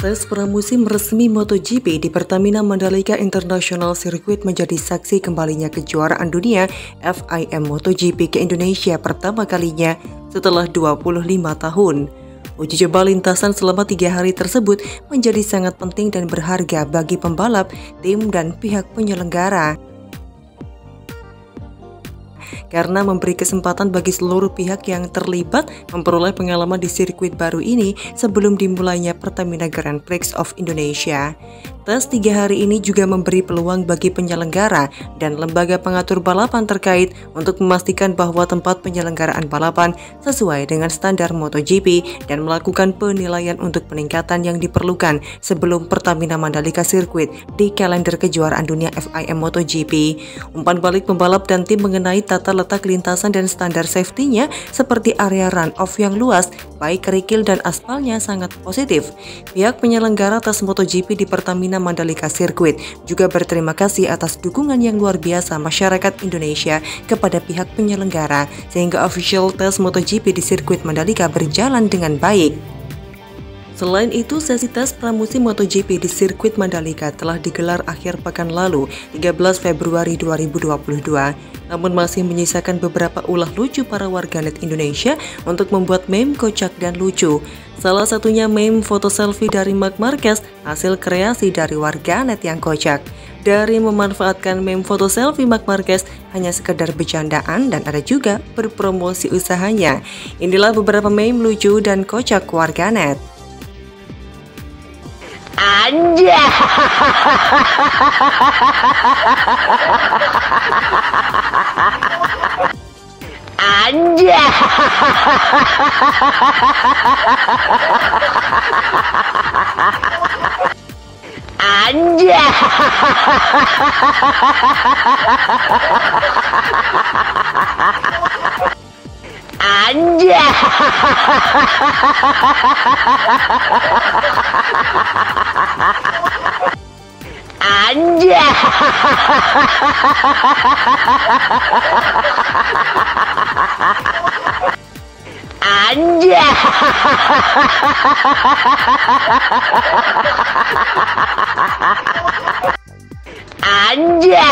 Tes pramusim resmi MotoGP di Pertamina Mandalika International Circuit menjadi saksi kembalinya kejuaraan dunia FIM MotoGP ke Indonesia pertama kalinya setelah 25 tahun. Uji coba lintasan selama tiga hari tersebut menjadi sangat penting dan berharga bagi pembalap, tim, dan pihak penyelenggara karena memberi kesempatan bagi seluruh pihak yang terlibat memperoleh pengalaman di sirkuit baru ini sebelum dimulainya Pertamina Grand Prix of Indonesia. Tes tiga hari ini juga memberi peluang bagi penyelenggara dan lembaga pengatur balapan terkait untuk memastikan bahwa tempat penyelenggaraan balapan sesuai dengan standar MotoGP dan melakukan penilaian untuk peningkatan yang diperlukan sebelum Pertamina Mandalika Circuit di kalender kejuaraan dunia FIM MotoGP. Umpan balik pembalap dan tim mengenai tata letak lintasan dan standar safety-nya seperti area run-off yang luas, baik kerikil dan aspalnya sangat positif. Pihak penyelenggara tes MotoGP di Pertamina Mandalika Circuit. Juga berterima kasih atas dukungan yang luar biasa masyarakat Indonesia kepada pihak penyelenggara, sehingga official test MotoGP di sirkuit Mandalika berjalan dengan baik. Selain itu, sesi tes pramusim MotoGP di sirkuit Mandalika telah digelar akhir pekan lalu, 13 Februari 2022. Namun masih menyisakan beberapa ulah lucu para warganet Indonesia untuk membuat meme kocak dan lucu. Salah satunya meme foto selfie dari Mark Marquez hasil kreasi dari warganet yang kocak. Dari memanfaatkan meme foto selfie Mark Marquez hanya sekedar bercandaan dan ada juga berpromosi usahanya. Inilah beberapa meme lucu dan kocak warganet. Anja. Anja. aja. aja. aja. aja. aja.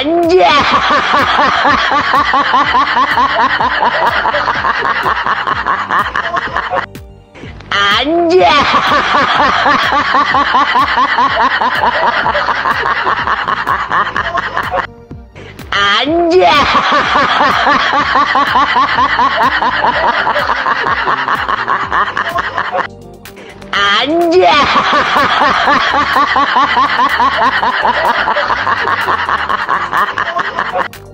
Anja. Anja. Anja. yeah!